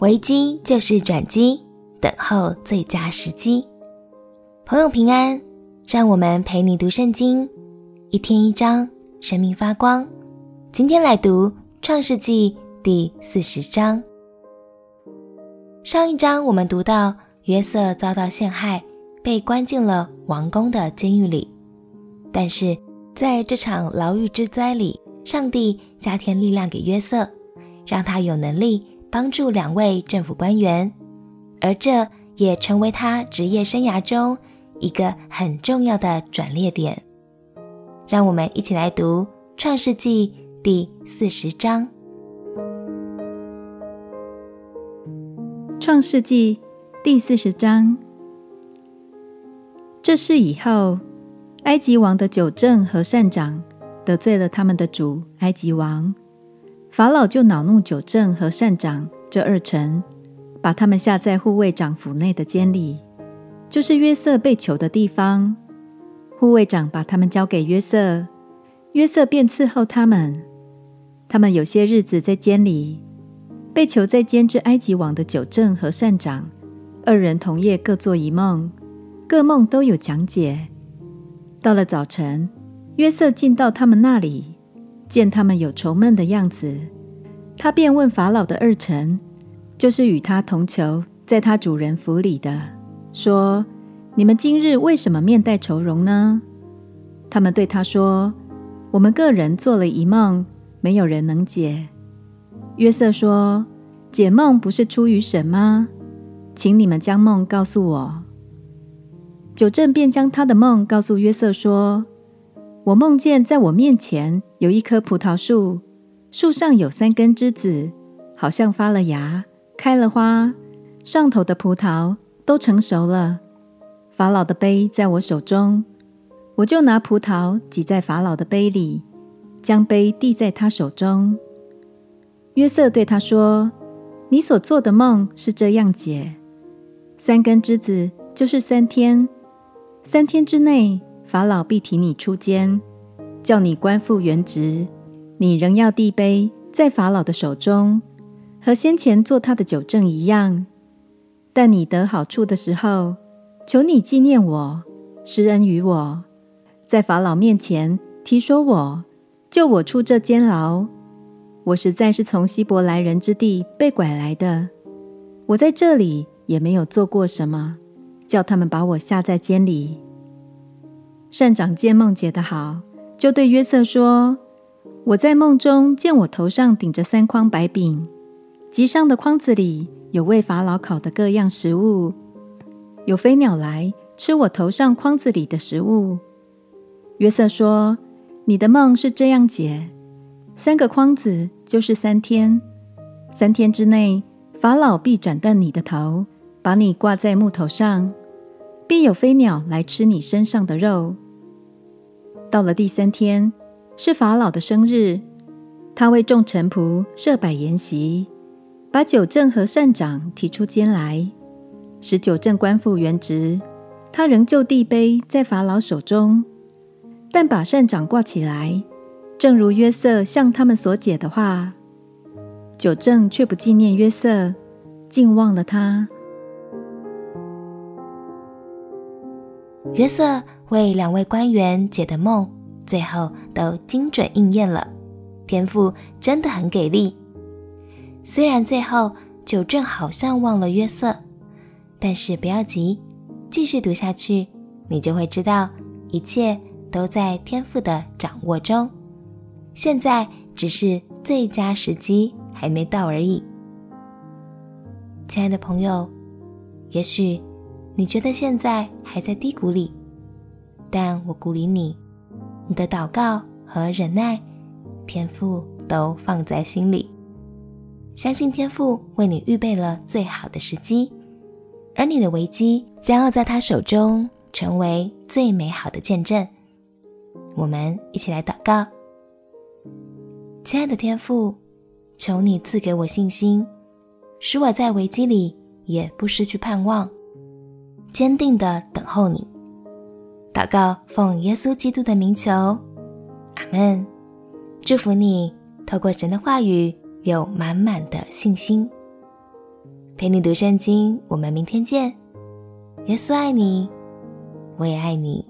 危機就是轉機，等候最佳時機。朋友平安，讓我們陪你讀聖經，一天一章，生命發光。今天來讀創世紀第四十章。上一章我們讀到約瑟遭到陷害，被關進了王宮的監獄裡。但是在這場牢獄之災裡，上帝加添力量給約瑟，讓他有能力。幫助兩位政府官員，而這也成為他職業生涯中一個很重要的轉捩點。讓我們一起來讀《創世記》第四十章。《創世記》第四十章，這事以後，埃及王的酒政和膳長得罪了他們的主埃及王，法老就惱怒酒政和膳長這二臣，把他們下在護衛長府內的監裡，就是約瑟被囚的地方。護衛長把他們交給約瑟，約瑟便伺候他們。他們有些日子在監裡。被囚在監之埃及王的酒政和膳長，二人同夜各做一夢，各夢都有講解。到了早晨，約瑟進到他們那裡。見他們有愁悶的樣子，他便問法老的二臣，就是與他同囚在他主人府裡的，說：“你們今日為什麼面帶愁容呢？”他們對他說：“我們各人做了一夢，沒有人能解。”約瑟說：“解夢不是出於神嗎？請你們將夢告訴我。”酒政便將他的夢告訴約瑟說：“我夢見在我面前。”有一棵葡萄樹，樹上有三根枝子，好像發了芽，開了花，上頭的葡萄都成熟了。法老的杯在我手中，我就拿葡萄擠在法老的杯裡，將杯遞在他手中。約瑟對他說：“你所做的夢是這樣解：三根枝子就是三天，三天之內法老必提你出監。”叫你官復原職，你仍要遞杯在法老的手中，和先前做他的酒政一樣。但你得好處的時候，求你紀念我，施恩於我，在法老面前提說我，救我出這監牢。我實在是從希伯來人之地被拐來的，我在這裡也沒有做過什麼，叫他們把我下在監裡。膳長見夢解得好。就對約瑟說：“我在夢中見我頭上頂着三筐白餅，極上的筐子裡有為法老烤的各樣食物，有飛鳥來吃我頭上筐子裡的食物。”約瑟說：“你的夢是這樣解，三個筐子就是三天，三天之內法老必斬斷你的頭，把你掛在木頭上，必有飛鳥來吃你身上的肉。”到了第三天，是法老的生日，他為眾臣僕設擺筵席，把酒政和膳長提出監來，使酒政官復原職。他仍舊遞杯在法老手中，但把膳長掛起來，正如約瑟向他們所解的話。酒政卻不記念約瑟，竟忘了他。約瑟。為兩位官員解的夢，最後都精準應驗了。天父真的很給力。雖然最後酒政好像忘了約瑟，但是不要急，繼續讀下去，你就會知道一切都在天父的掌握中。現在只是最佳時機還沒到而已。親愛的朋友，也許你覺得現在還在低谷裡。但我鼓勵你，你的禱告和忍耐，天父都放在心裡，相信天父為你預備了最好的時機，而你的危機將要在他手中成為最美好的見證。我們一起來禱告。親愛的天父，求你賜給我信心，使我在危機裡也不失去盼望，堅定地等候你。禱告，奉耶穌基督的名求，阿門。祝福你，透過神的話語，有滿滿的信心。陪你讀聖經，我們明天見。耶穌愛你，我也愛你。